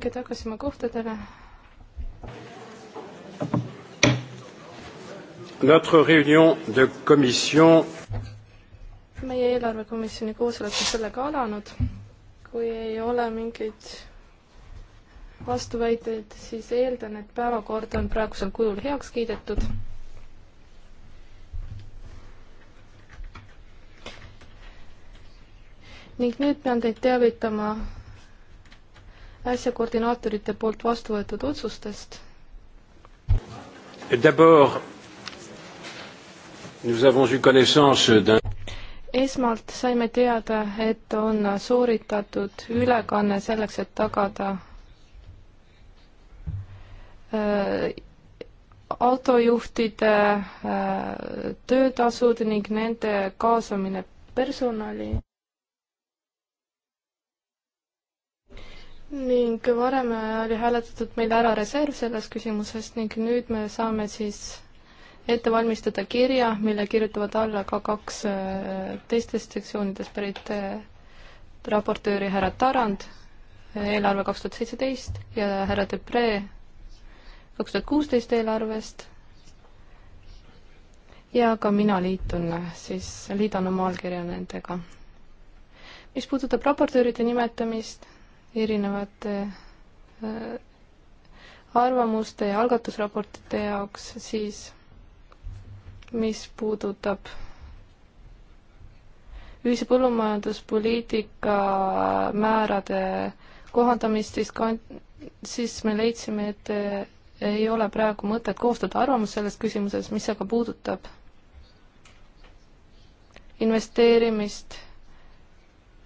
minge tagasi oma kohtadele. Notre réunion de commission meie eelarvekomisjoni koosolek on sellega alanud. kui ei ole mingeid vastuväiteid, siis eeldan, et päevakord on praegusel kujul heaks kiidetud. ning nüüd pean teid teavitama äsja koordinaatorite poolt vastu võetud otsustest. esmalt saime teada, et on sooritatud ülekanne selleks, et tagada äh, autojuhtide äh, töötasud ning nende kaasamine personali ning varem oli hääletatud meil ära reserv selles küsimuses ning nüüd me saame siis ette valmistada kirja, mille kirjutavad alla ka kaks äh, teistest sektsioonidest pärit äh, raportööri härra Tarand, äh, eelarve kaks tuhat seitseteist ja härra Depree kaks tuhat kuusteist eelarvest. ja ka mina liitun siis, liidan oma allkirja nendega. mis puudutab raportööride nimetamist erinevate äh, arvamuste ja algatusraportite jaoks, siis mis puudutab ühise põllumajanduspoliitika määrade kohandamist, siis ka, siis me leidsime, et äh, ei ole praegu mõtet koostada arvamust selles küsimuses, mis aga puudutab investeerimist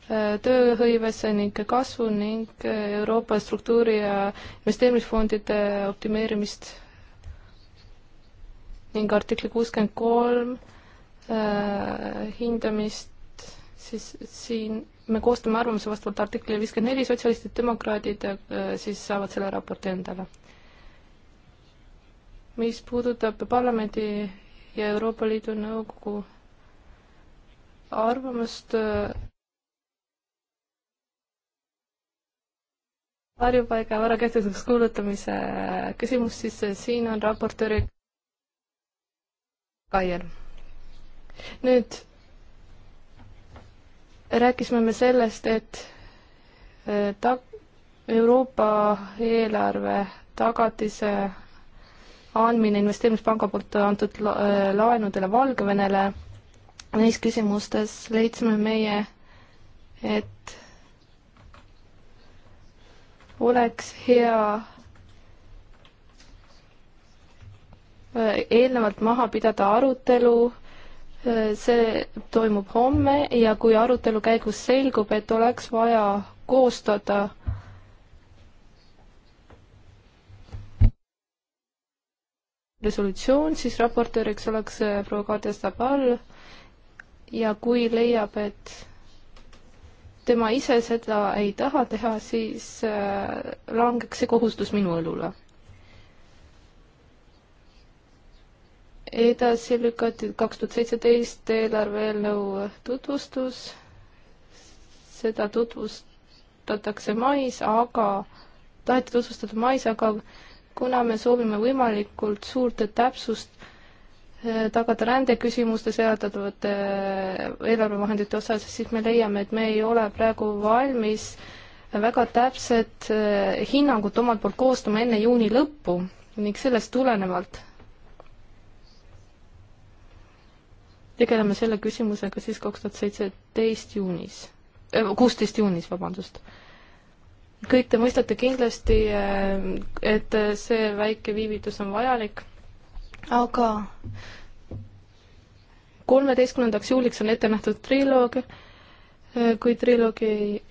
tööhõivesse ning kasvu ning Euroopa struktuuri ja investeerimisfondide optimeerimist ning artikli kuuskümmend kolm äh, hindamist, siis siin me koostame arvamuse vastavalt artiklile viiskümmend neli, sotsialistid, demokraadid äh, siis saavad selle raporti endale. mis puudutab parlamendi ja Euroopa Liidu Nõukogu arvamust äh, varjupaiga vara kehtetuks kuulutamise äh, küsimus, siis äh, siin on raportööri Kaier. nüüd rääkisime me sellest, et äh, ta-, Euroopa eelarve tagatise andmine investeerimispanga poolt antud la laenudele Valgevenele, neis küsimustes leidsime meie, et oleks hea äh, eelnevalt maha pidada arutelu, äh, see toimub homme ja kui arutelu käigus selgub, et oleks vaja koostada resolutsioon, siis raportööriks oleks äh, proua Kadri Sabal ja kui leiab, et tema ise seda ei taha teha, siis äh, langeks see kohustus minu õlule. edasi lükati kaks tuhat seitseteist eelarve eelnõu tutvustus, seda tutvustatakse mais, aga, taheti tutvustada mais, aga kuna me soovime võimalikult suurt täpsust, Äh, tagada rändeküsimuste seadatavate äh, eelarvevahendite osas, siis me leiame, et me ei ole praegu valmis väga täpset äh, hinnangut omalt poolt koostama enne juuni lõppu ning sellest tulenevalt tegeleme selle küsimusega siis kaks tuhat seitseteist juunis, kuusteist juunis, vabandust kõik te mõistate kindlasti, et see väike viivitus on vajalik aga kolmeteistkümnendaks juuliks on ette nähtud triloog. Äh, kui triloog ei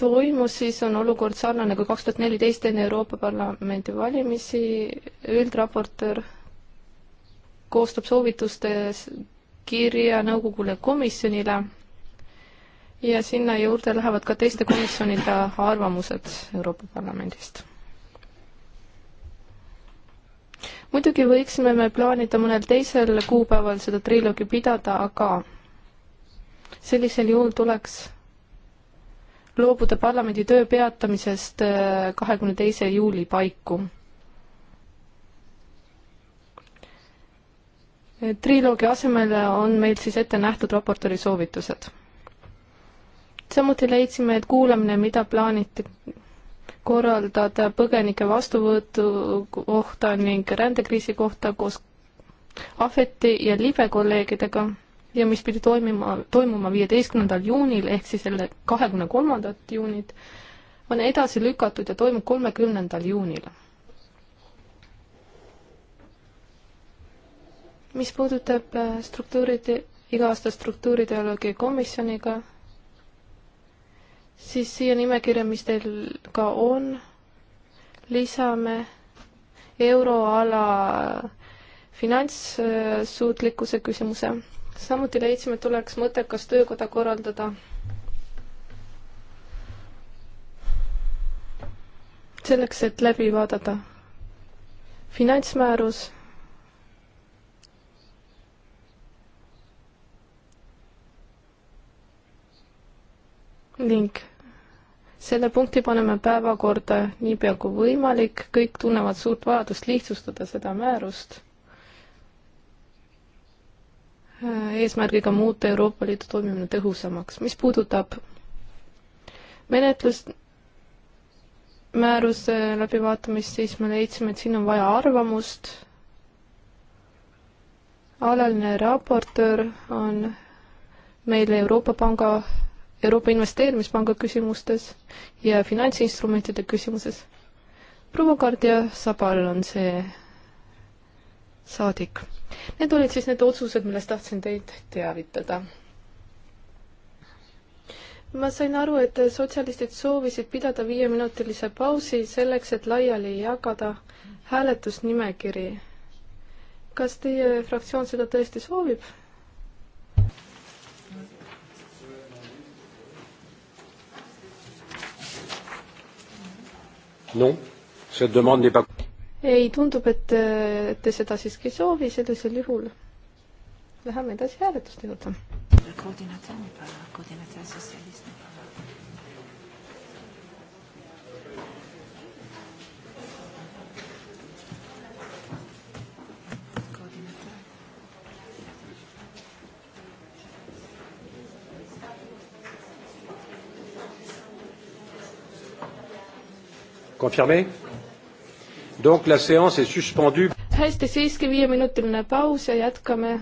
toimu, siis on olukord sarnane kui kaks tuhat neliteist enne Euroopa Parlamendi valimisi. üldraportöör koostab soovitustes kirja nõukogule komisjonile ja sinna juurde lähevad ka teiste komisjonide arvamused Euroopa Parlamendist muidugi võiksime me plaanida mõnel teisel kuupäeval seda triloogi pidada, aga sellisel juhul tuleks loobuda parlamendi töö peatamisest äh, kahekümne teise juuli paiku. triloogi asemel on meil siis ette nähtud raportööri soovitused. samuti leidsime, et kuulamine, mida plaaniti korraldada põgenike vastuvõtu kohta ning rändekriisi kohta koos Ahveti ja Libe kolleegidega ja mis pidi toimima, toimuma viieteistkümnendal juunil ehk siis selle kahekümne kolmandat juunit, on edasi lükatud ja toimub kolmekümnendal juunil. mis puudutab äh, struktuuride, iga-aastast struktuurideoloogia komisjoniga siis siia nimekirja, mis teil ka on, lisame euroala finantssuutlikkuse küsimuse. samuti leidsime, et oleks mõttekas töökoda korraldada selleks, et läbi vaadata finantsmäärus ning selle punkti paneme päevakorda niipea kui võimalik, kõik tunnevad suurt vajadust lihtsustada seda määrust äh, eesmärgiga muuta Euroopa Liidu toimimine tõhusamaks. mis puudutab menetlust, määruse läbivaatamist, siis me leidsime, et siin on vaja arvamust. alaline raportöör on meil Euroopa Panga Euroopa Investeerimispanga küsimustes ja finantsinstrumentide küsimuses. proua Kardia Sabal on see saadik. Need olid siis need otsused, millest tahtsin teid teavitada. ma sain aru, et sotsialistid soovisid pidada viieminutilise pausi selleks, et laiali jagada hääletusnimekiri. kas teie fraktsioon seda tõesti soovib? ei, tundub, äh, et te seda siiski ei soovi, sellisel juhul läheme edasi hääletuste juurde. koordinaator, koordinaator sotsialist. Confirmé? Donc la séance est suspendue. hästi, siiski viieminutiline paus ja jätkame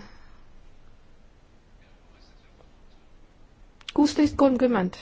kuusteist kolmkümmend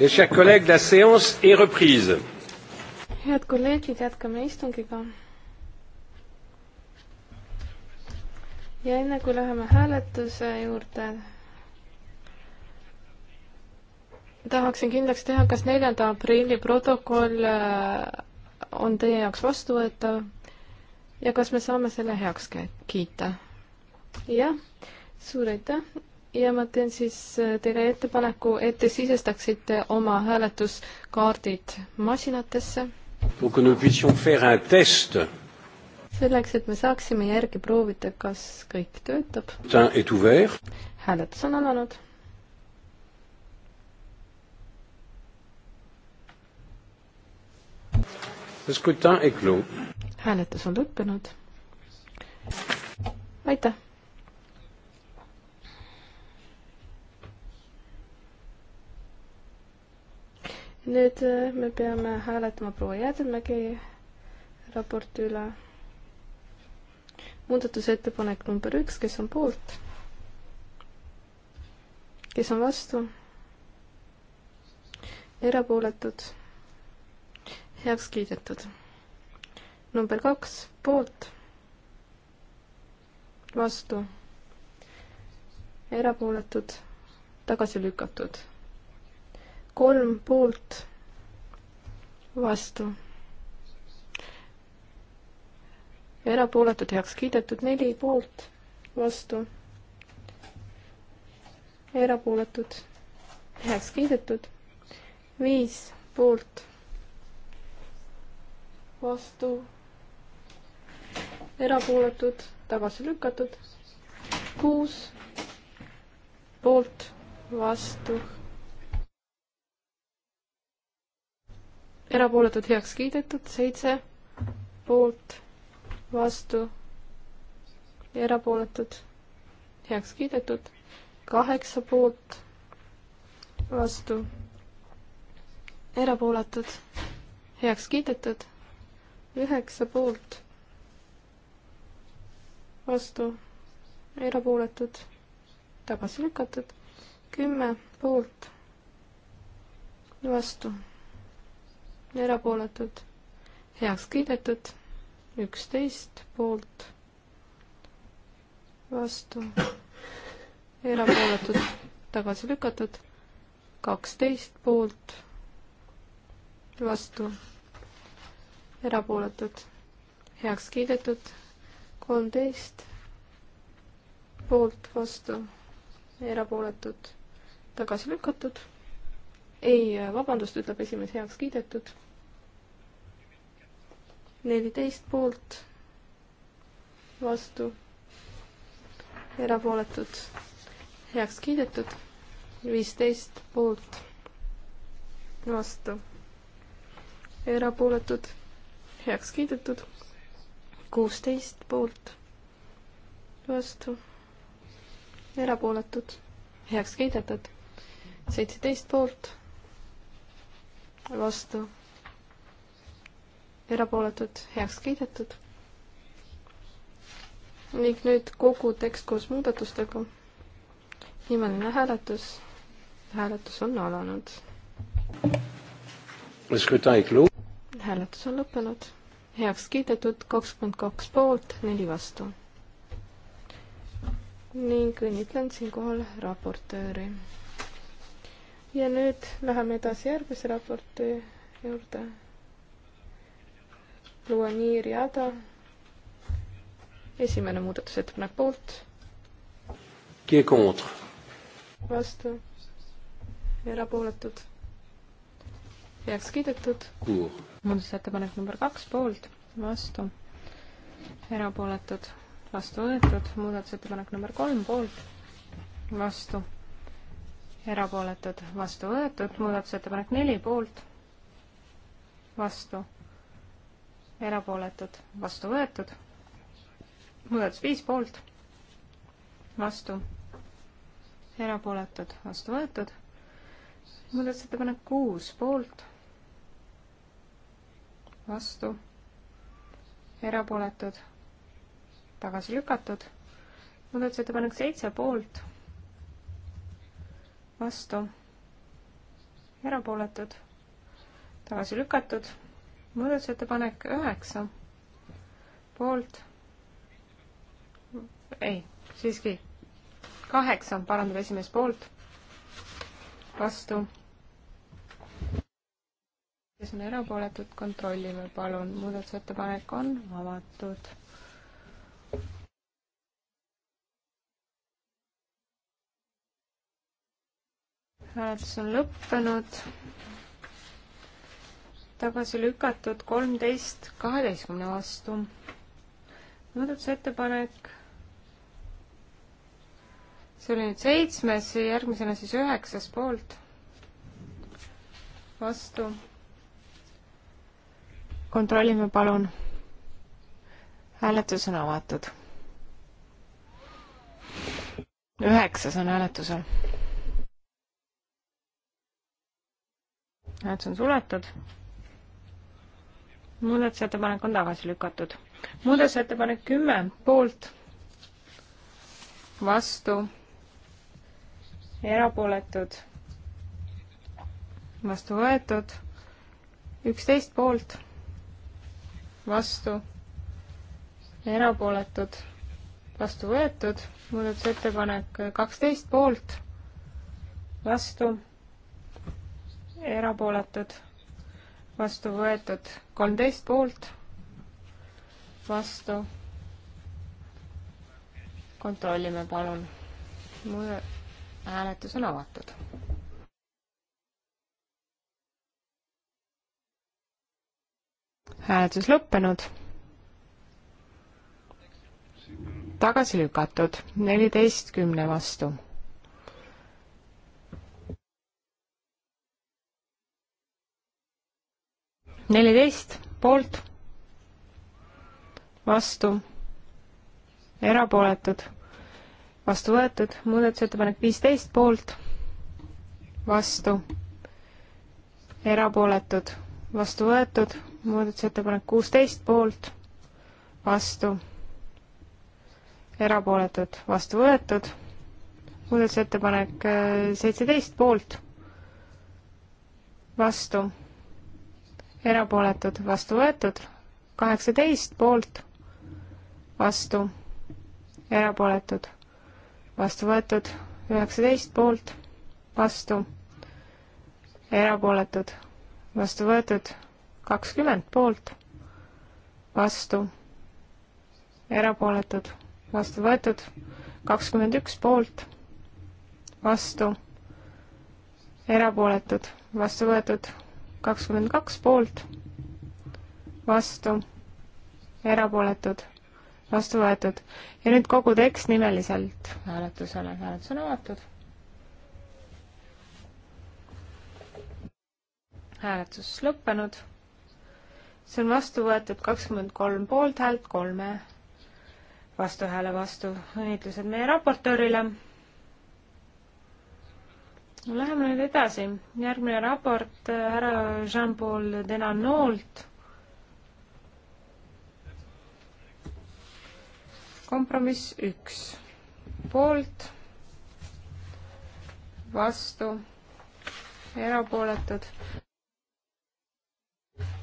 Mes chers collègues, la séance est reprise. Head kolleegid, jätkame istungiga. ja enne kui läheme hääletuse juurde, tahaksin kindlaks teha, kas neljanda aprilli protokoll äh, on teie jaoks vastuvõetav ja kas me saame selle heaks kiita. jah, suur aitäh ja ma teen siis äh, teile ettepaneku, et te sisestaksite oma hääletuskaardid masinatesse. selleks, et me saaksime järgi proovida, kas kõik töötab. hääletus on alanud. hääletus on lõppenud. aitäh nüüd äh, me peame hääletama proua Jäädemägi raporti üle. muudatusettepanek number üks, kes on poolt? kes on vastu? erapooletud? heaks kiidetud. number kaks, poolt? vastu? erapooletud? tagasi lükatud kolm poolt, vastu. erapooletud heaks kiidetud neli poolt, vastu. erapooletud heaks kiidetud viis poolt, vastu. erapooletud, tagasi lükatud, kuus poolt, vastu erapooletud heaks kiidetud, seitse poolt, vastu, erapooletud, heaks kiidetud, kaheksa poolt, vastu, erapooletud, heaks kiidetud, üheksa poolt, vastu, erapooletud, tagasi lükatud, kümme poolt, vastu erapooletud, heaks kiidetud, üksteist poolt, vastu, erapooletud, tagasi lükatud, kaksteist poolt, vastu, erapooletud, heaks kiidetud, kolmteist poolt, vastu, erapooletud, tagasi lükatud ei, vabandust, ütleb esimees heaks kiidetud neliteist poolt, vastu, erapooletud, heaks kiidetud, viisteist poolt, vastu, erapooletud, heaks kiidetud, kuusteist poolt, vastu, erapooletud, heaks kiidetud, seitseteist poolt, vastu erapooletud, heaks kiidetud. ning nüüd kogu tekst koos muudatustega. nimeline hääletus. hääletus on alanud. hääletus on lõppenud. heaks kiidetud kakskümmend kaks poolt, neli vastu. ning õnnitlen siinkohal raportööri. ja nüüd läheme edasi järgmise raporti juurde Luani Riada. esimene muudatusettepanek poolt. vastu. erapooletud. heaks kiidetud. muudatusettepanek number kaks poolt, vastu. erapooletud, vastu võetud. muudatusettepanek number kolm poolt, vastu erapooletud, vastu võetud, muudatusettepanek neli poolt, vastu erapooletud, vastu võetud. muudatus viis poolt, vastu, erapooletud, vastu võetud. muudatusettepanek kuus poolt, vastu, erapooletud, tagasi lükatud. muudatusettepanek seitse poolt, vastu, erapooletud, tagasi lükatud muudatusettepanek üheksa, poolt, ei, siiski kaheksa, parandab esimees poolt, vastu. kes on erapooletud, kontrollime palun, muudatusettepanek on avatud hääletus on lõppenud tagasi lükatud kolmteist kaheteistkümne vastu. muudatusettepanek. see oli nüüd seitsmes, järgmisena siis üheksas poolt. vastu. kontrollime palun. hääletus on avatud. üheksas on hääletusel. hääletus on suletud muudatusettepanek on tagasi lükatud. muudatusettepanek kümme, poolt, vastu, erapooletud, vastu võetud, üksteist poolt, vastu, erapooletud, vastu võetud, muudatusettepanek kaksteist poolt, vastu, erapooletud vastu võetud kolmteist poolt, vastu. kontrollime palun. mu hääletus on avatud. hääletus lõppenud. tagasi lükatud, neliteistkümne vastu neliteist poolt, vastu, erapooletud, vastu võetud, muudatusettepanek viisteist poolt, vastu, erapooletud, vastu võetud, muudatusettepanek kuusteist poolt, vastu, erapooletud, vastu võetud, muudatusettepanek seitseteist poolt, vastu erapooletud, vastu võetud, kaheksateist poolt, vastu, erapooletud, vastu võetud, üheksateist poolt, vastu, erapooletud, vastu võetud, kakskümmend poolt, vastu, erapooletud, vastu võetud, kakskümmend üks poolt, vastu, erapooletud, vastu võetud kakskümmend kaks poolt, vastu, erapooletud, vastu võetud. ja nüüd kogu tekst nimeliselt hääletusele, hääletus on avatud. hääletus lõppenud. see on vastu võetud kakskümmend kolm poolthäält, kolme vastuhääle vastu. õnnitlused meie raportöörile Läheme nüüd edasi. järgmine raport äh, härra Jean-Paul Denanolt. kompromiss üks, poolt, vastu, erapooletud.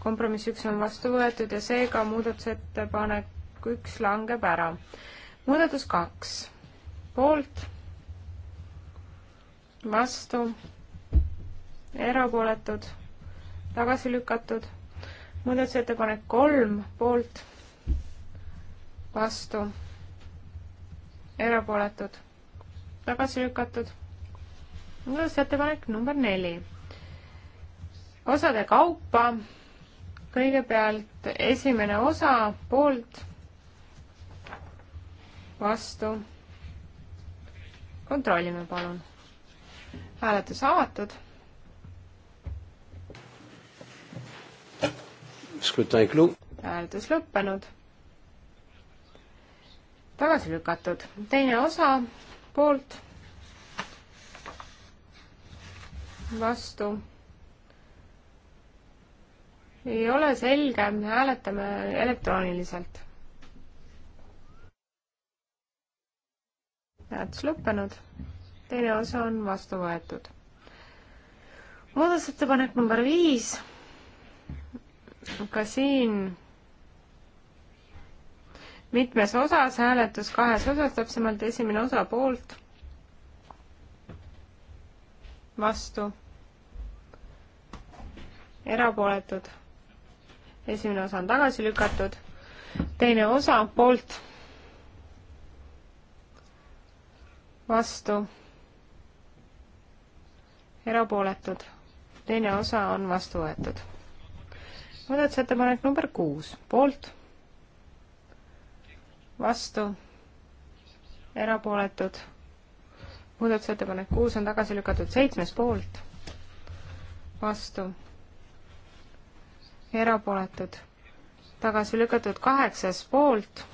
kompromiss üks on vastu võetud ja seega muudatusettepanek üks langeb ära. muudatus kaks, poolt vastu, erapooletud, tagasi lükatud. muudatusettepanek kolm poolt, vastu, erapooletud, tagasi lükatud. muudatusettepanek number neli. osade kaupa kõigepealt esimene osa poolt, vastu. kontrollime palun hääletus avatud. hääletus lõppenud. tagasi lükatud. teine osa poolt. vastu. ei ole selge, hääletame elektrooniliselt. hääletus lõppenud teine osa on vastu võetud. muudatusettepanek number viis, ka siin mitmes osas, hääletus kahes osas, täpsemalt esimene osa poolt, vastu, erapooletud, esimene osa on tagasi lükatud, teine osa poolt, vastu erapooletud, teine osa on vastu võetud. muudatusettepanek number kuus, poolt, vastu, erapooletud, muudatusettepanek kuus on tagasi lükatud, seitsmes poolt, vastu, erapooletud, tagasi lükatud, kaheksas poolt,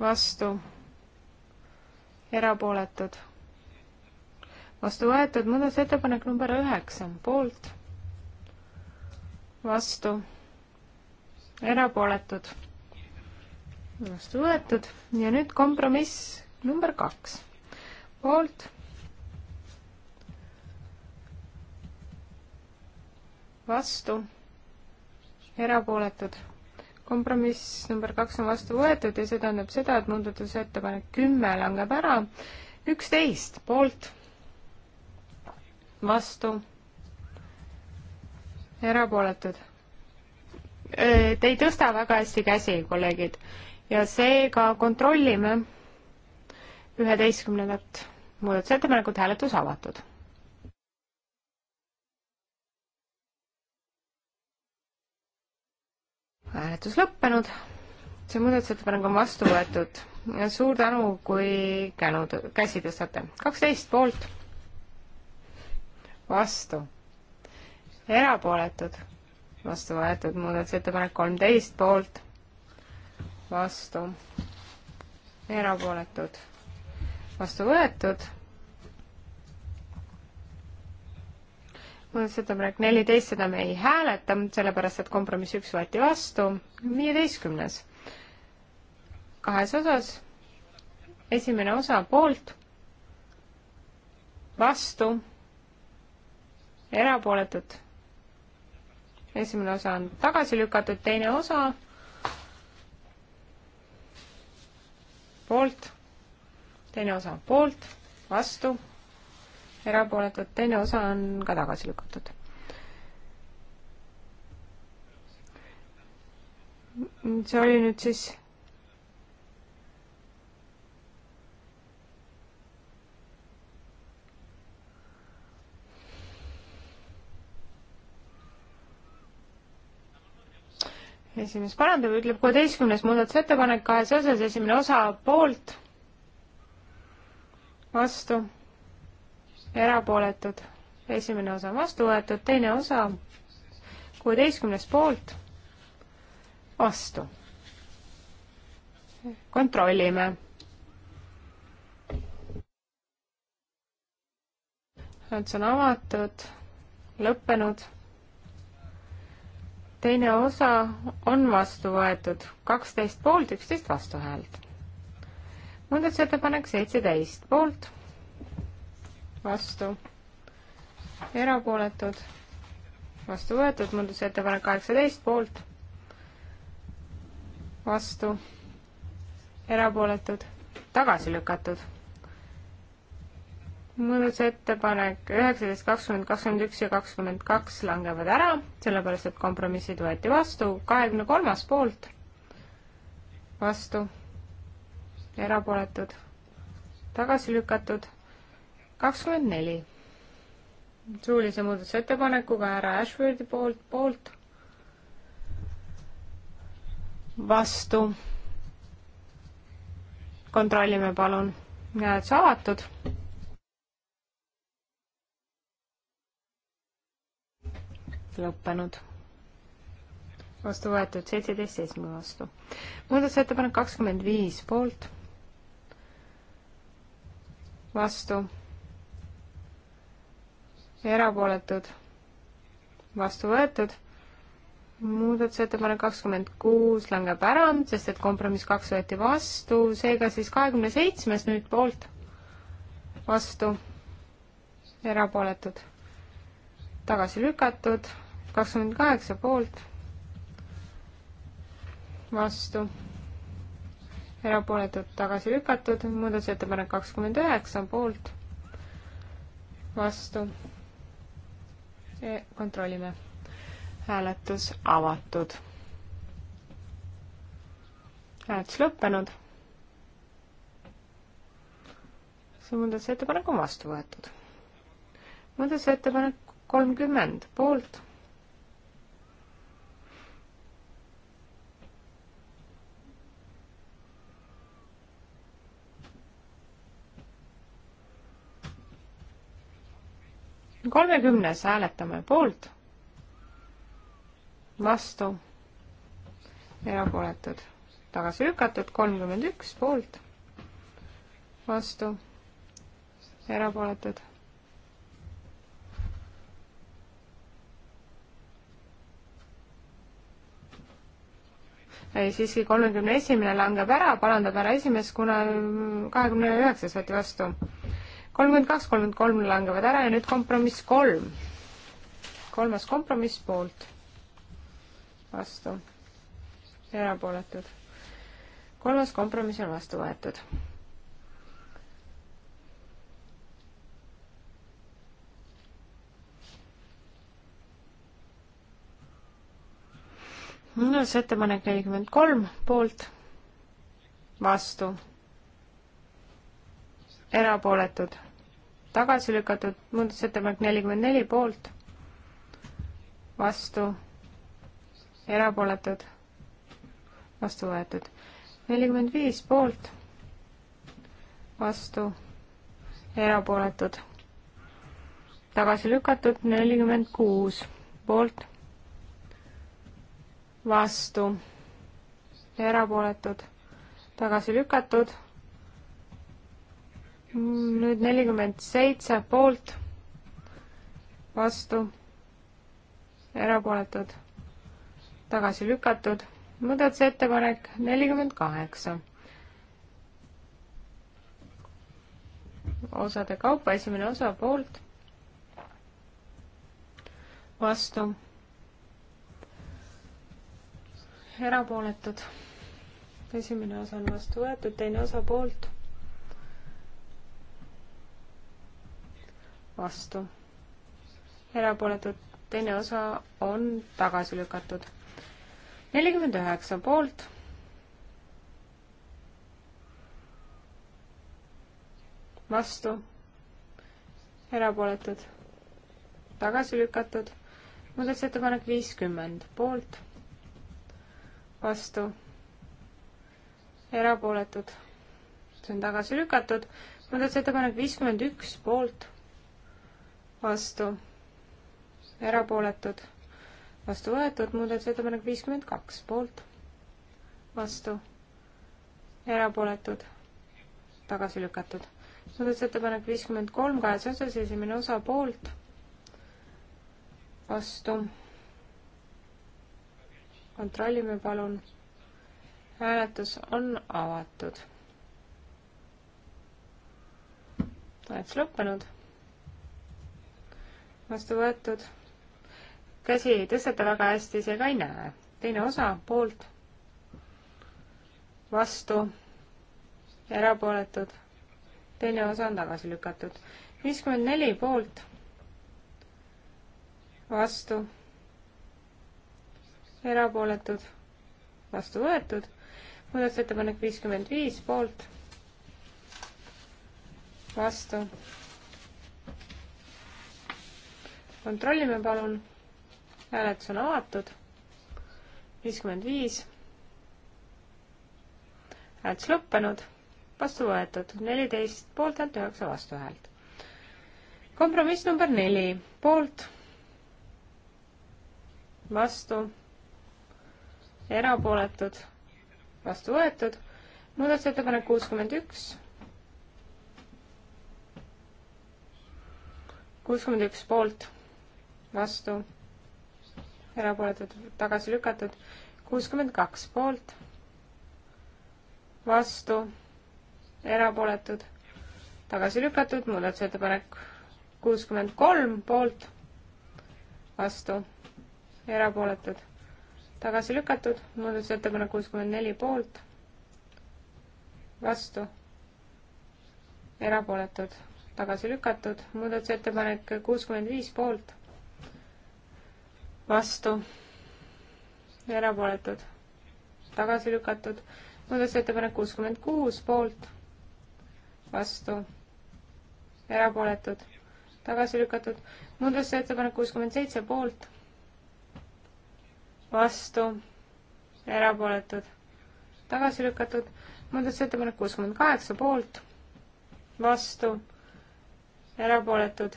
vastu, erapooletud vastu võetud, muudatusettepanek number üheksa, poolt, vastu, erapooletud, vastu võetud ja nüüd kompromiss number kaks, poolt, vastu, erapooletud, kompromiss number kaks on vastu võetud ja see tähendab seda, et muudatusettepanek kümme langeb ära, üksteist poolt vastu, erapooletud. Te ei tõsta väga hästi käsi, kolleegid, ja seega kontrollime üheteistkümnendat muudatusettepanekut, hääletus avatud hääletus lõppenud. see muudatusettepanek on vastu võetud. suur tänu, kui känu, käsi tõstate. kaksteist poolt, vastu, erapooletud, vastu võetud muudatusettepanek kolmteist poolt, vastu, erapooletud, vastu võetud. muudatusettepanek neliteist, seda me ei hääleta, sellepärast et kompromiss üks võeti vastu, viieteistkümnes kahes osas. esimene osa poolt, vastu erapooletud. esimene osa on tagasi lükatud, teine osa poolt, teine osa on poolt, vastu, erapooletud, teine osa on ka tagasi lükatud. see oli nüüd siis esimees parandab, ütleb kuueteistkümnes muudatusettepanek kahes osas, esimene osa poolt, vastu, erapooletud, esimene osa vastu võetud, teine osa kuueteistkümnes poolt, vastu. kontrollime. ots on avatud, lõppenud teine osa on vastu võetud, kaksteist poolt, üksteist vastuhäält. muudatusettepanek seitseteist poolt, vastu, erapooletud, vastu võetud, muudatusettepanek kaheksateist poolt, vastu, erapooletud, tagasi lükatud muudatusettepanek üheksateist, kakskümmend, kakskümmend üks ja kakskümmend kaks langevad ära, sellepärast et kompromissid võeti vastu, kahekümne kolmas poolt vastu, erapooletud, tagasi lükatud, kakskümmend neli. suulise muudatusettepanekuga härra Ashfordi poolt, poolt, vastu. kontrollime palun, näed, see avatud lõppenud. vastu võetud seitseteist seitsme vastu. muudatusettepanek kakskümmend viis poolt, vastu, erapooletud, vastu võetud muudatusettepanek kakskümmend kuus langeb ära, sest et kompromiss kaks võeti vastu, seega siis kahekümne seitsmes nüüd poolt, vastu, erapooletud, tagasi lükatud, kakskümmend kaheksa poolt, vastu, erapooletud tagasi lükatud, muudatusettepanek kakskümmend üheksa poolt, vastu e, kontrollime, hääletus avatud. hääletus lõppenud. see muudatusettepanek on vastu võetud. muudatusettepanek kolmkümmend poolt kolmekümnes hääletame poolt, vastu, erapooletud, tagasi lükatud, kolmkümmend üks poolt, vastu, erapooletud. ei, siiski kolmekümne esimene langeb ära, parandab ära esimees, kuna kahekümne üheksas võeti vastu kolmkümmend kaks, kolmkümmend kolm langevad ära ja nüüd kompromiss kolm. kolmas kompromiss poolt, vastu, erapooletud. kolmas kompromiss on vastu võetud. muudatusettepanek nelikümmend kolm poolt, vastu erapooletud tagasi lükatud, muudatusettepanek nelikümmend neli poolt, vastu, erapooletud, vastu võetud. nelikümmend viis poolt, vastu, erapooletud, tagasi lükatud, nelikümmend kuus poolt, vastu, erapooletud, tagasi lükatud Mm, nüüd nelikümmend seitse poolt, vastu, erapooletud, tagasi lükatud. muudatusettepanek nelikümmend kaheksa. osade kaupa esimene osa poolt, vastu, erapooletud. esimene osa on vastu võetud, teine osa poolt vastu. erapooletud teine osa on tagasi lükatud. nelikümmend üheksa poolt. vastu. erapooletud. tagasi lükatud. muudatusettepanek viiskümmend poolt. vastu. erapooletud. see on tagasi lükatud. muudatusettepanek viiskümmend üks poolt vastu, erapooletud, vastu võetud, muudatusettepanek viiskümmend kaks, poolt, vastu, erapooletud, tagasi lükatud. muudatusettepanek viiskümmend kolm, kahes osas, esimene osa poolt, vastu, kontrollime palun, hääletus on avatud. oled sa lõppenud? vastu võetud. käsi ei tõsteta väga hästi, seega ei näe. teine osa poolt, vastu, erapooletud. teine osa on tagasi lükatud. viiskümmend neli poolt, vastu, erapooletud, vastu võetud. muudatusettepanek viiskümmend viis poolt, vastu kontrollime palun. hääletus on avatud. viiskümmend viis. hääletus lõppenud, vastu võetud neliteist poolthäält, üheksa vastuhäält. kompromiss number neli, poolt, vastu, erapooletud, vastu võetud, muudatusettepanek kuuskümmend üks kuuskümmend üks poolt, vastu, erapooletud, tagasi lükatud, kuuskümmend kaks poolt, vastu, erapooletud, tagasi lükatud, muudatusettepanek kuuskümmend kolm poolt, vastu, erapooletud, tagasi lükatud, muudatusettepanek kuuskümmend neli poolt, vastu, erapooletud, tagasi lükatud, muudatusettepanek kuuskümmend viis poolt vastu, erapooletud, tagasi lükatud. muudatusettepanek kuuskümmend kuus, poolt, vastu, erapooletud, tagasi lükatud. muudatusettepanek kuuskümmend seitse, poolt, vastu, erapooletud, tagasi lükatud. muudatusettepanek kuuskümmend kaheksa, poolt, vastu, erapooletud,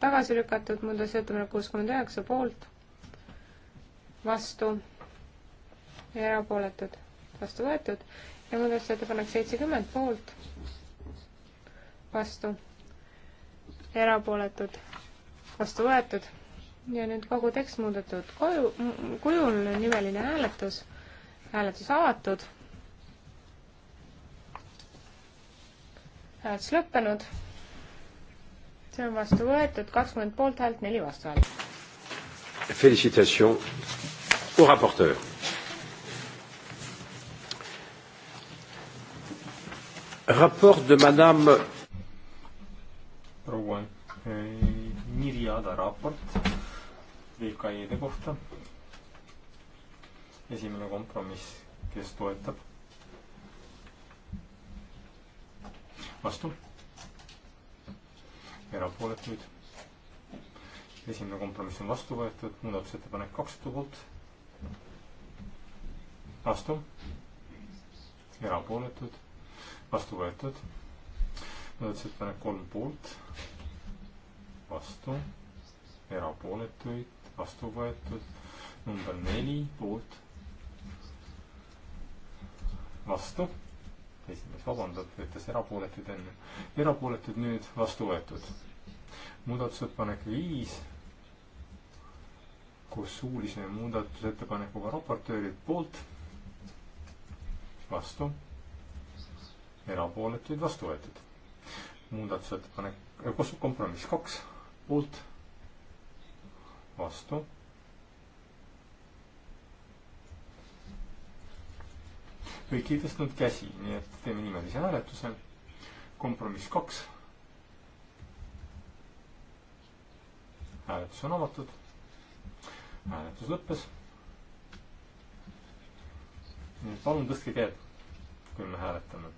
tagasi lükatud. muudatusettepanek kuuskümmend üheksa, poolt vastu, erapooletud, vastu võetud ja muudatusettepanek seitsekümmend poolt, vastu, erapooletud, vastu võetud ja nüüd kogu tekst muudetud koju, kujul nimeline hääletus, hääletus avatud, hääletus lõppenud, see on vastu võetud, kakskümmend poolthäält, neli vastuhäält. Félicitations au rapporteur. Rapport de Madame proua eh, Nirjada raport VKI-de kohta. esimene kompromiss, kes toetab? vastu? erapooletuid? esimene kompromiss on vastu võetud, muudatusettepanek kakssada poolt vastu, erapooletud, vastu võetud, muudatusettepanek kolm poolt, vastu, erapooletuid, vastu võetud, number neli poolt, vastu, esimees vabandab, ütles erapooletuid enne, erapooletud nüüd vastu võetud. muudatusettepanek viis koos suulise muudatusettepanekuga raportöörid poolt, vastu, erapooletuid vastu võetud. muudatusettepanek, äh, koos kompromiss kaks, poolt, vastu kõik ei tõstnud käsi, nii et teeme nimelise hääletuse. kompromiss kaks. hääletus on avatud hääletus lõppes. nii, palun tõstke käed, kui me hääletame,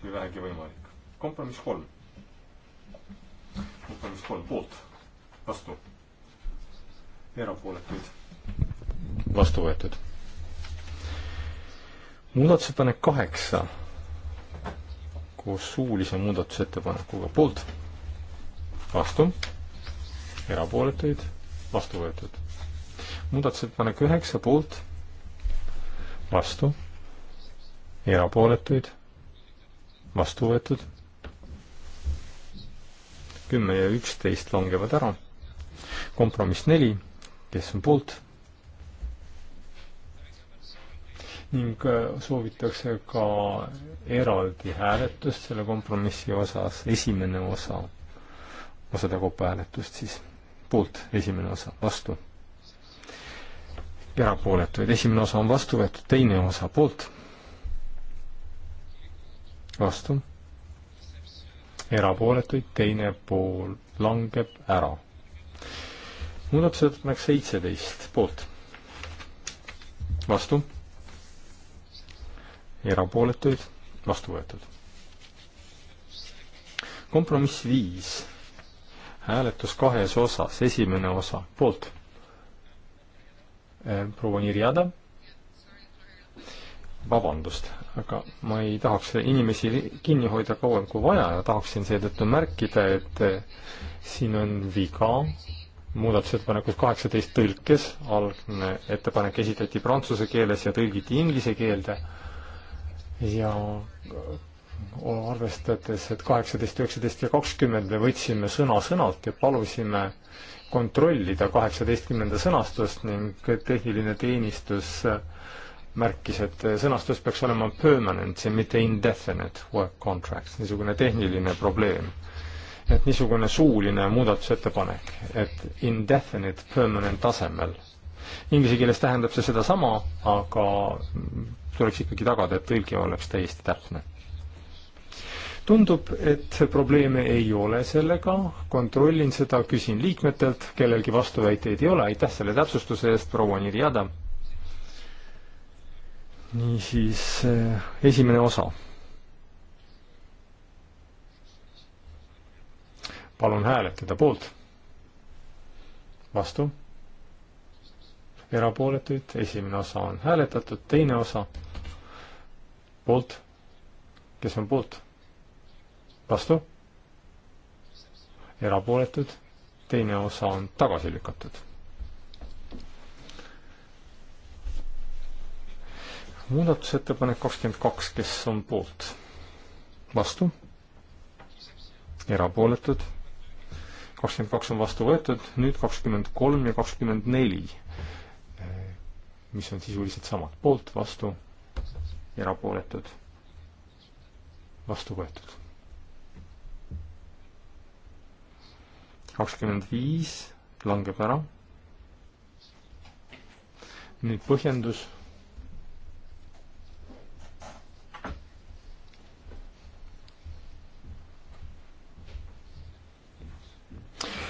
kui vähegi võimalik. kompromiss kolm. kompromiss kolm poolt, vastu, erapooletuid. vastu võetud. muudatusettepanek kaheksa koos suulise muudatusettepanekuga poolt, vastu, erapooletuid, vastu võetud muudatusettepanek üheksa poolt, vastu, erapooletuid, vastu võetud. kümme ja üksteist langevad ära. kompromiss neli, kes on poolt ning äh, soovitakse ka eraldi hääletust selle kompromissi osas, esimene osa, osade kaupa hääletust siis, poolt esimene osa, vastu, erapooletuid, esimene osa on vastu võetud, teine osa poolt, vastu, erapooletuid, teine pool langeb ära. muudatusettepanek seitseteist poolt, vastu, erapooletuid, vastu võetud. kompromiss viis, hääletus kahes osas, esimene osa poolt Eh, proua Nirjada. vabandust, aga ma ei tahaks inimesi kinni hoida kauem kui vaja ja tahaksin seetõttu märkida, et eh, siin on viga muudatusettepanekus kaheksateist tõlkes, algne ettepanek esitati prantsuse keeles ja tõlgiti inglise keelde ja eh, arvestades, et kaheksateist, üheksateist ja kakskümmend me võtsime sõna-sõnalt ja palusime äh, kontrollida kaheksateistkümnenda sõnastust ning tehniline teenistus märkis, et sõnastus peaks olema permanent, see mitte indefinite work contracts, niisugune tehniline probleem. et niisugune suuline muudatusettepanek, et indefinite permanent asemel. Inglise keeles tähendab see sedasama, aga tuleks ikkagi tagada, et tõlge oleks täiesti täpne tundub, et probleeme ei ole sellega, kontrollin seda, küsin liikmetelt, kellelgi vastuväiteid ei ole, aitäh selle täpsustuse eest, proua Nirjada. niisiis, eh, esimene osa. palun hääletada poolt. vastu. erapooletuid, esimene osa on hääletatud, teine osa poolt. kes on poolt? vastu, erapooletud, teine osa on tagasi lükatud. muudatusettepanek kakskümmend kaks, kes on poolt, vastu, erapooletud, kakskümmend kaks on vastu võetud, nüüd kakskümmend kolm ja kakskümmend neli, mis on sisuliselt samad, poolt, vastu, erapooletud, vastu võetud kakskümmend viis langeb ära. nüüd põhjendus.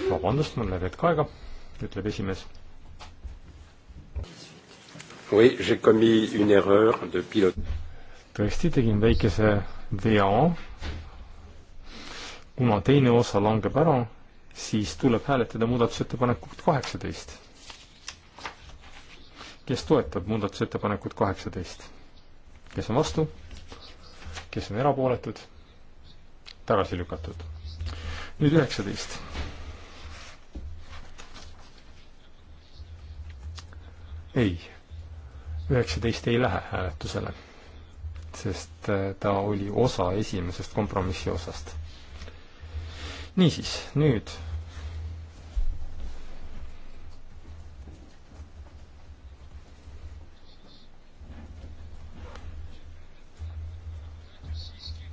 vabandust, mul läheb hetk aega, ütleb esimees. Oui, j'ai commis une erreur de pilote. tõesti, tegin väikese vea. kuna teine osa langeb ära, siis tuleb hääletada muudatusettepanekut kaheksateist. kes toetab muudatusettepanekut kaheksateist? kes on vastu? kes on erapooletud? tagasi lükatud. nüüd üheksateist. ei, üheksateist ei lähe hääletusele, sest äh, ta oli osa esimesest kompromissi osast. niisiis, nüüd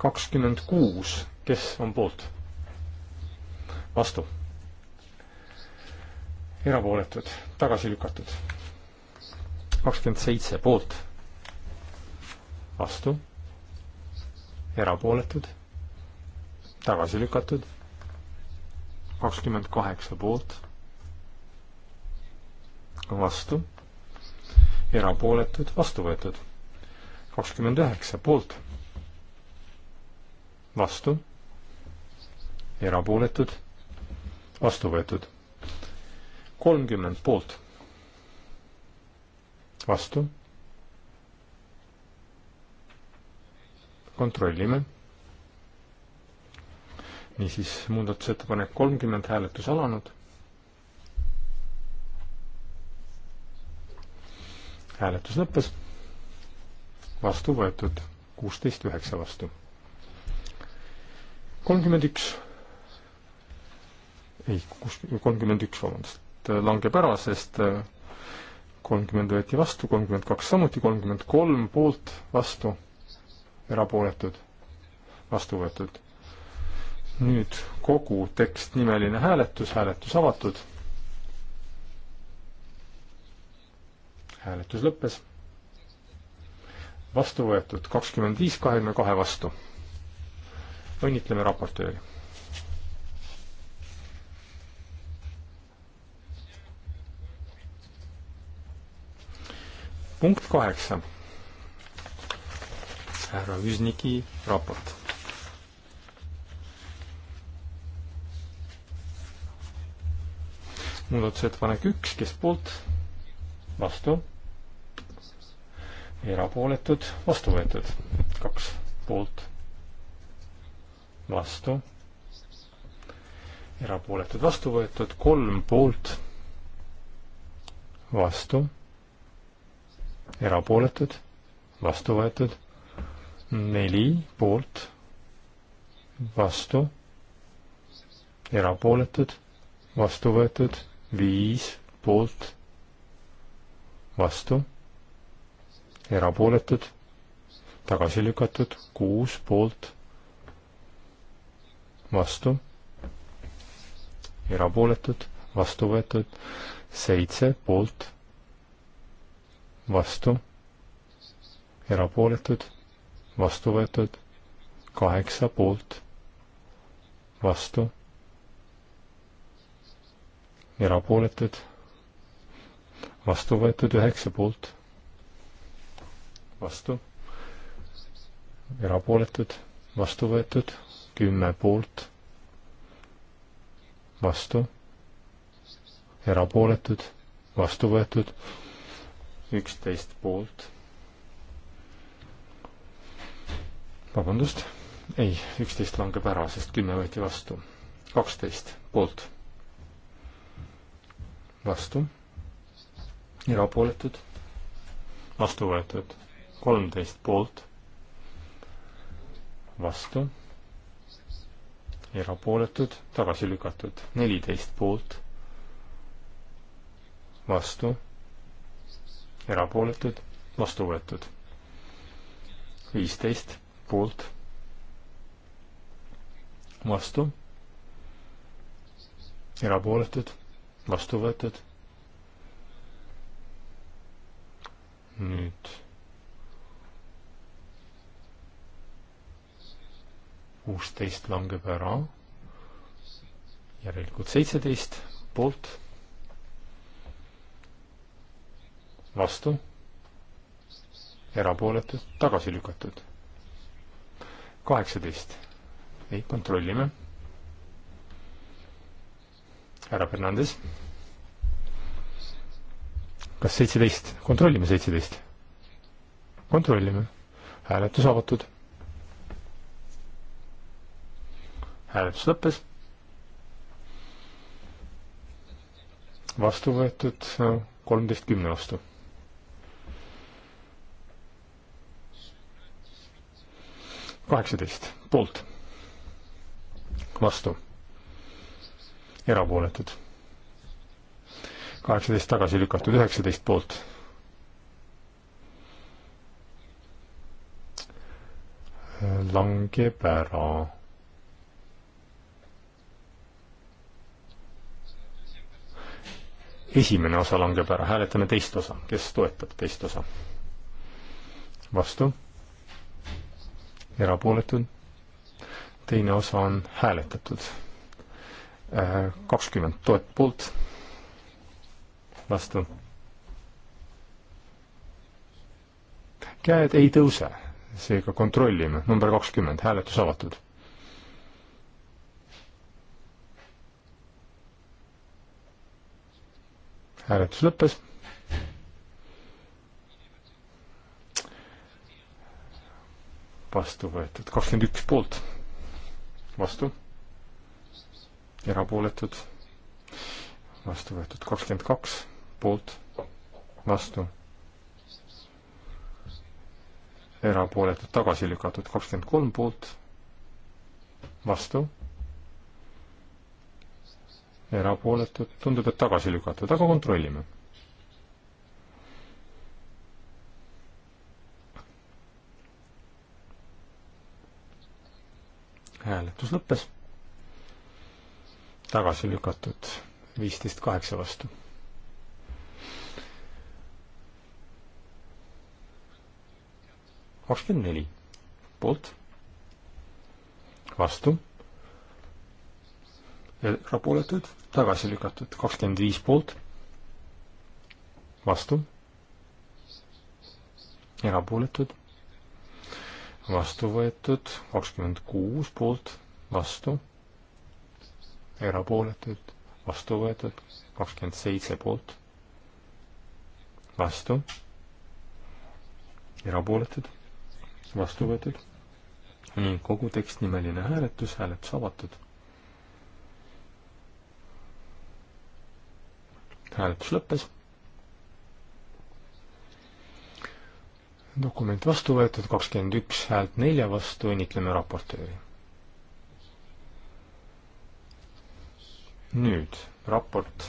kakskümmend kuus, kes on poolt? vastu. erapooletud, tagasi lükatud. kakskümmend seitse poolt, vastu, erapooletud, tagasi lükatud. kakskümmend kaheksa poolt, vastu, erapooletud, vastu võetud. kakskümmend üheksa poolt vastu, erapooletud, vastu võetud. kolmkümmend poolt, vastu. kontrollime. niisiis muudatusettepanek kolmkümmend hääletus alanud. hääletus lõppes, vastu võetud kuusteist üheksa vastu kolmkümmend üks, ei, kus, kolmkümmend üks, vabandust, äh, langeb ära, sest äh, kolmkümmend võeti vastu, kolmkümmend kaks samuti, kolmkümmend kolm poolt vastu, erapooletud, vastu võetud. nüüd kogu tekst nimeline hääletus, hääletus avatud. hääletus lõppes. vastu võetud kakskümmend viis, kahekümne kahe vastu õnnitleme raportööri. punkt kaheksa. härra Üsniki raport muudatusettepanek üks, kes poolt, vastu, erapooletud, vastu võetud, kaks poolt, vastu, erapooletud vastu võetud, kolm poolt, vastu, erapooletud, vastu võetud, neli poolt, vastu, erapooletud, vastu võetud, viis poolt, vastu, erapooletud, tagasi lükatud, kuus poolt vastu, erapooletud, vastu võetud, seitse poolt, vastu, erapooletud, vastu võetud, kaheksa poolt, vastu, erapooletud, vastu võetud üheksa poolt, vastu, erapooletud, vastu võetud kümme poolt, vastu, erapooletud, vastu võetud, üksteist poolt. vabandust, ei, üksteist langeb ära, sest kümme võeti vastu. kaksteist poolt, vastu, erapooletud, vastu võetud, kolmteist poolt, vastu erapooletud, tagasi lükatud. neliteist poolt, vastu, erapooletud, vastu võetud. viisteist poolt, vastu, erapooletud, vastu võetud. nüüd kuusteist langeb ära, järelikult seitseteist poolt, vastu, erapooletud, tagasi lükatud. kaheksateist, ei, kontrollime. härra Fernandes, kas seitseteist, kontrollime seitseteist? kontrollime, hääletus avatud hääletus lõppes. vastu võetud äh, kolmteist kümne vastu. kaheksateist poolt, vastu, erapooletud. kaheksateist tagasi lükatud, üheksateist poolt. Äh, langeb ära esimene osa langeb ära, hääletame teist osa, kes toetab teist osa? vastu? erapooletud? teine osa on hääletatud. Äh, kakskümmend toet-, poolt, vastu. käed ei tõuse, seega kontrollime, number kakskümmend, hääletus avatud hääletus lõppes. vastu võetud kakskümmend üks poolt, vastu, erapooletud, vastu võetud kakskümmend kaks poolt, vastu, erapooletud tagasi lükatud kakskümmend kolm poolt, vastu erapooletud, tundub, et tagasi lükatud, aga kontrollime. hääletus lõppes. tagasi lükatud viisteist kaheksa vastu. kakskümmend neli poolt, vastu erapooletud, tagasi lükatud, kakskümmend viis poolt, vastu, erapooletud, vastu võetud, kakskümmend kuus poolt, vastu, erapooletud, vastu võetud, kakskümmend seitse poolt, vastu, erapooletud, vastu võetud ning kogu tekst nimeline hääletus, hääletus avatud hääletus lõppes. dokument vastu võetud, kakskümmend üks häält nelja vastu, õnnitleme raportööri. nüüd raport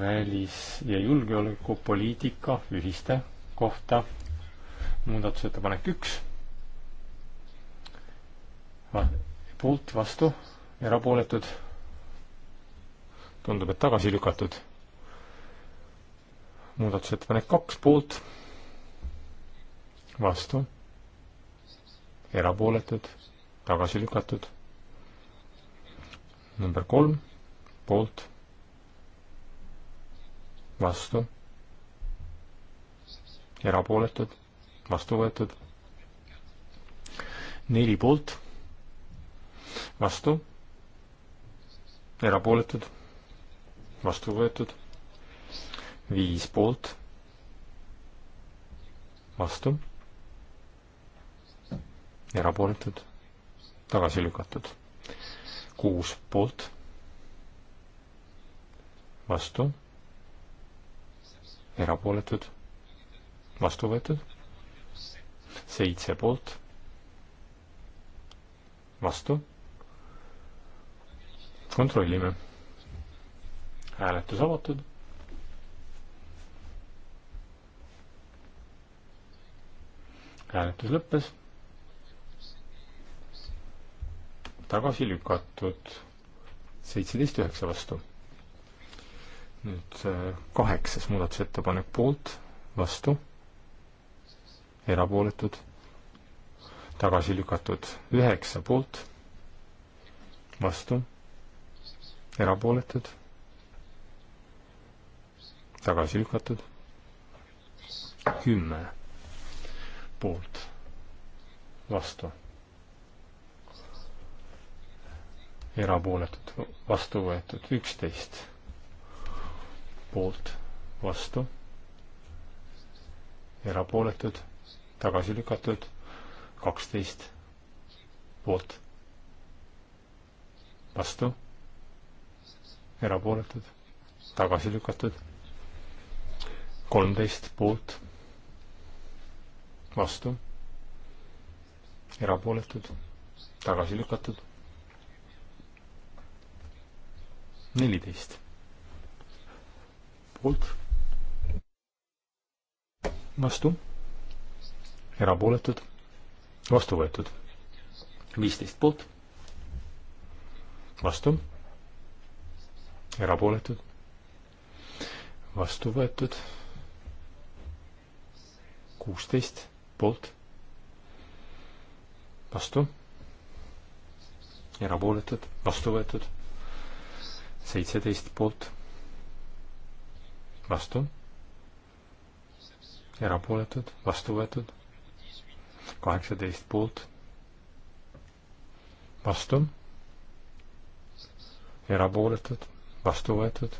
välis- ja julgeolekupoliitika ühiste kohta, muudatusettepanek üks, poolt, vastu, erapooletud tundub, et tagasi lükatud. muudatusettepanek kaks poolt, vastu, erapooletud, tagasi lükatud. number kolm poolt, vastu, erapooletud, vastu võetud. neli poolt, vastu, erapooletud vastu võetud, viis poolt, vastu, erapooletud, tagasi lükatud, kuus poolt, vastu, erapooletud, vastu võetud, seitse poolt, vastu, kontrollime hääletus avatud. hääletus lõppes. tagasi lükatud seitseteist üheksa vastu. nüüd äh, kaheksas muudatusettepanek poolt, vastu, erapooletud, tagasi lükatud üheksa poolt, vastu, erapooletud tagasi lükatud. kümme poolt, vastu. erapooletud, vastu võetud üksteist poolt, vastu. erapooletud, tagasi lükatud kaksteist poolt, vastu erapooletud, tagasi lükatud kolmteist poolt, vastu, erapooletud, tagasi lükatud, neliteist poolt, vastu, erapooletud, vastu võetud, viisteist poolt, vastu, erapooletud, vastu võetud kuusteist poolt, vastu, erapooletud, vastu võetud, seitseteist poolt, vastu, erapooletud, vastu võetud, kaheksateist poolt, vastu, erapooletud, vastu võetud,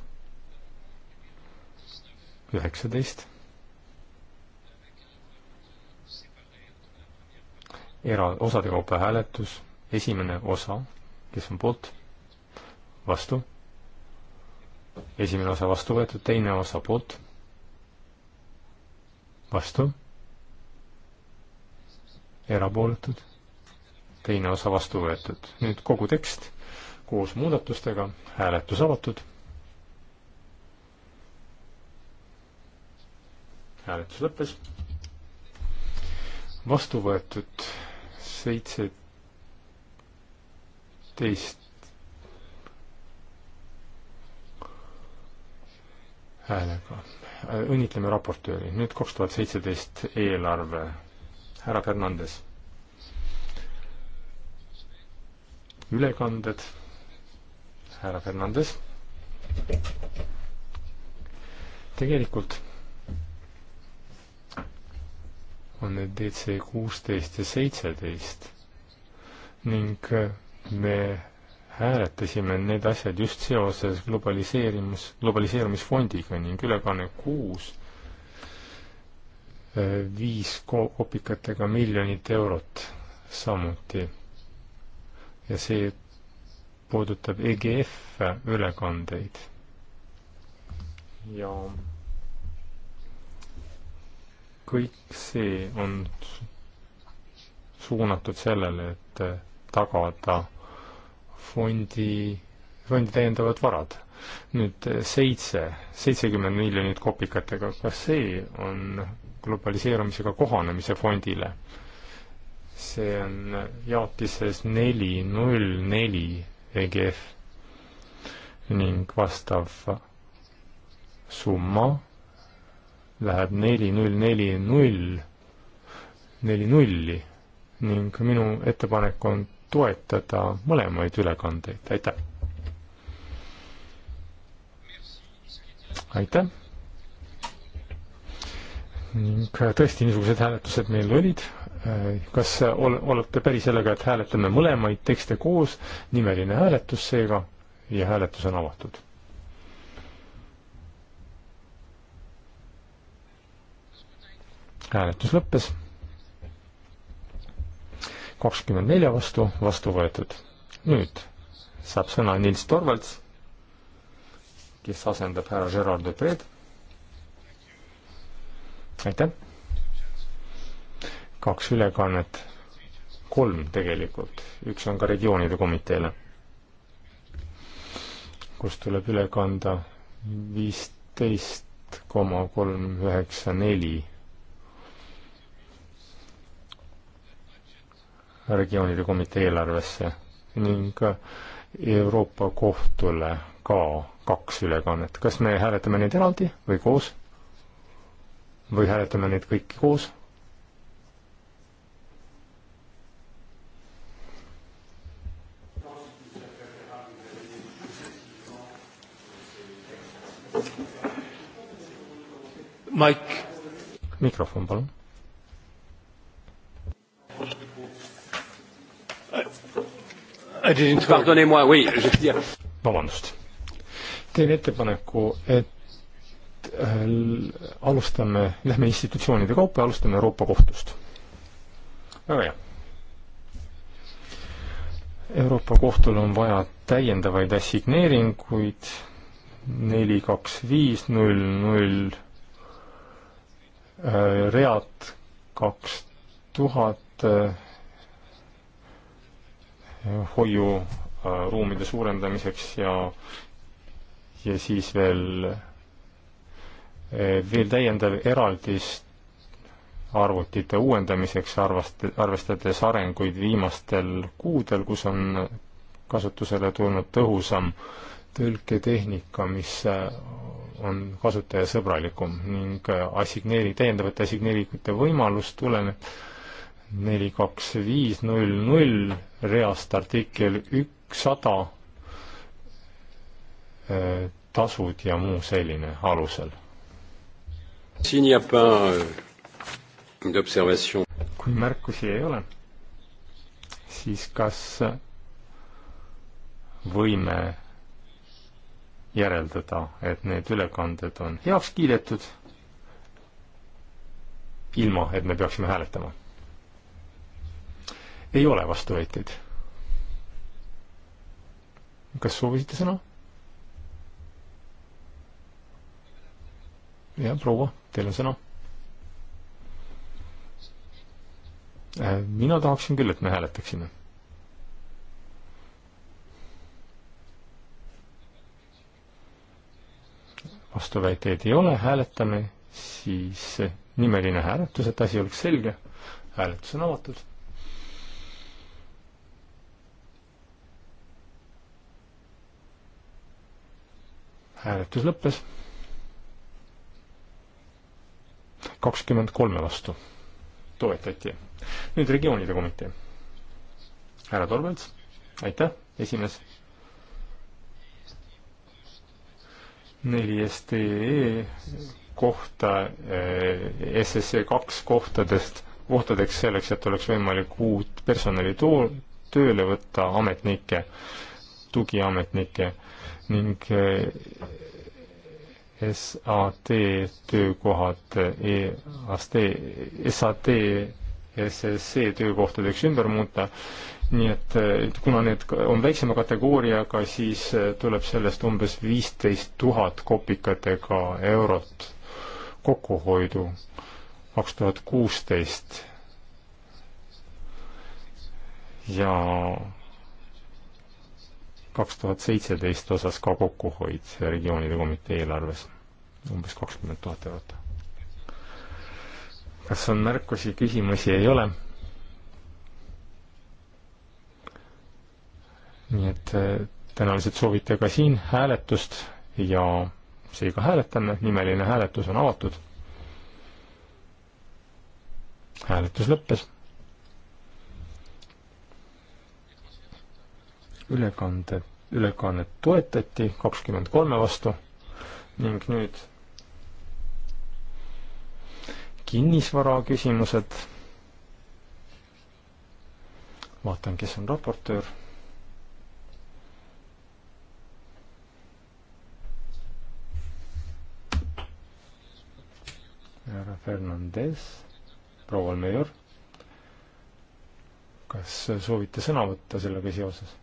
üheksateist era-, osade kaupa hääletus, esimene osa, kes on poolt, vastu, esimene osa vastu võetud, teine osa poolt, vastu, erapooletud, teine osa vastu võetud. nüüd kogu tekst koos muudatustega, hääletus avatud, hääletus lõppes, vastu võetud seitseteist häälega. õnnitleme raportööri. nüüd kaks tuhat seitseteist eelarve. härra Fernandes. ülekanded. härra Fernandes. tegelikult on need DC kuusteist ja seitseteist ning me hääletasime need asjad just seoses globaliseerimis, globaliseerumisfondiga ning ülekanne kuus äh, viis kopikatega miljonit eurot samuti. ja see puudutab EGF ülekandeid. ja kõik see on suunatud sellele, et tagada fondi, fondi täiendavad varad. nüüd seitse, seitsekümmend miljonit kopikatega, kas see on globaliseerumisega kohanemise fondile? see on jaotises neli null neli EGF ning vastav summa läheb neli, null, neli, null, neli nulli ning minu ettepanek on toetada mõlemaid ülekandeid, aitäh! aitäh! ning tõesti, niisugused hääletused meil olid. kas ol-, olete päri sellega, et hääletame mõlemaid tekste koos, nimeline hääletus seega ja hääletus on avatud hääletus lõppes. kakskümmend nelja vastu, vastu võetud. nüüd saab sõna Nils Torvalds, kes asendab härra Gerard Depred. aitäh. kaks ülekannet, kolm tegelikult, üks on ka regioonide komiteele, kus tuleb üle kanda viisteist koma kolm üheksa neli regioonide komitee eelarvesse ning Euroopa Kohtule ka kaks ülekannet. kas me hääletame neid eraldi või koos? või hääletame neid kõiki koos? Mike. mikrofon, palun vabandust. teen ettepaneku, et äh, alustame, lähme institutsioonide kaupa ja alustame Euroopa Kohtust. väga hea. Euroopa Kohtul on vaja täiendavaid assigneeringuid neli, kaks, viis, null, null, äh, read kaks tuhat äh, hoiuruumide äh, suurendamiseks ja, ja siis veel, äh, veel täiendav eraldis arvutite uuendamiseks, arvast-, arvestades arenguid viimastel kuudel, kus on kasutusele tulnud tõhusam tõlketehnika, mis äh, on kasutajasõbralikum ning assigneeri, täiendavate assigneeringute võimalus tuleneb neli, kaks, viis, null, null reast artikkel ükssada äh, tasud ja muu selline alusel. Euh, kui märkusi ei ole, siis kas võime järeldada, et need ülekanded on heaks kiidetud, ilma et me peaksime hääletama? ei ole vastuväiteid. kas soovisite sõna? jah, proua, teil on sõna. Äh, mina tahaksin küll, et me hääletaksime. vastuväiteid ei ole, hääletame siis nimeline hääletus, et asi oleks selge. hääletus on avatud hääletus lõppes. kakskümmend kolme vastu toetati. nüüd regioonide komitee. härra Torvalds, aitäh, esimees. neli STE kohta, eh, SSE kaks kohtadest, kohtadeks selleks, et oleks võimalik uut personali too, tööle võtta, ametnikke tugiametnikke ning eh, SAT töökohad e, SAT, SAT ja SSC töökohtadeks ümber muuta. nii et, et eh, kuna need on väiksema kategooriaga, siis eh, tuleb sellest umbes viisteist tuhat kopikatega eurot kokkuhoidu kaks tuhat kuusteist. ja kaks tuhat seitseteist osas ka kokkuhoid regioonide komitee eelarves, umbes kakskümmend tuhat eurot. kas on märkusi, küsimusi, ei ole? nii et äh, tõenäoliselt soovite ka siin hääletust ja seega hääletame, nimeline hääletus on avatud. hääletus lõppes ülekande, ülekannet toetati kakskümmend kolme vastu ning nüüd kinnisvara küsimused. vaatan, kes on raportöör. härra Fernandez, proua Almejor, kas soovite sõna võtta sellega seoses?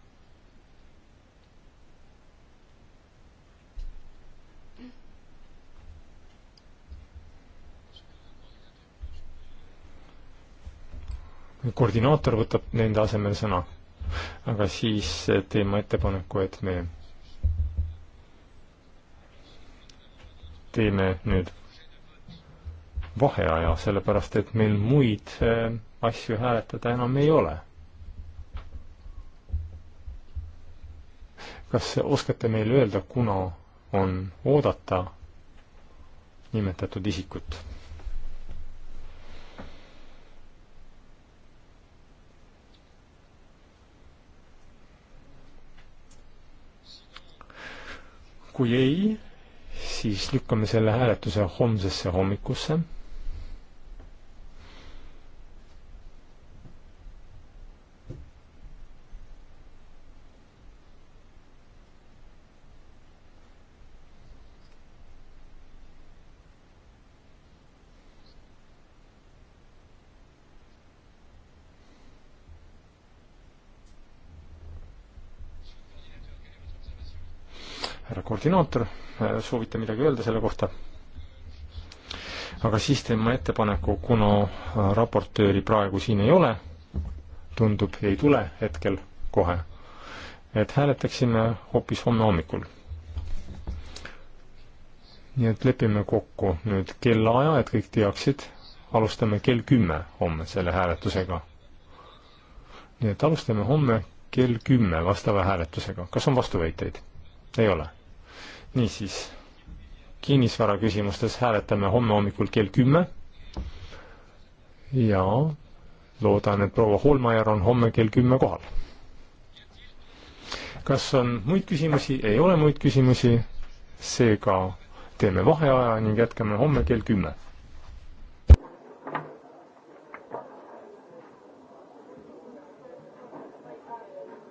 koordinaator võtab nende asemel sõna. aga siis teen ma ettepaneku, et me teeme nüüd vaheaja, sellepärast et meil muid äh, asju hääletada enam ei ole. kas oskate meile öelda, kuna on oodata nimetatud isikut? kui ei, siis lükkame selle hääletuse homsesse hommikusse koordinaator, äh, soovite midagi öelda selle kohta? aga siis teen ma ettepaneku, kuna äh, raportööri praegu siin ei ole, tundub, ei tule hetkel kohe, et hääletaksime hoopis homme hommikul. nii et lepime kokku nüüd kellaaja, et kõik teaksid, alustame kell kümme homme selle hääletusega. nii et alustame homme kell kümme vastava hääletusega, kas on vastuväiteid? ei ole niisiis, kinnisvara küsimustes hääletame homme hommikul kell kümme ja loodan, et proua Holmajärv on homme kell kümme kohal. kas on muid küsimusi, ei ole muid küsimusi, seega teeme vaheaja ning jätkame homme kell kümme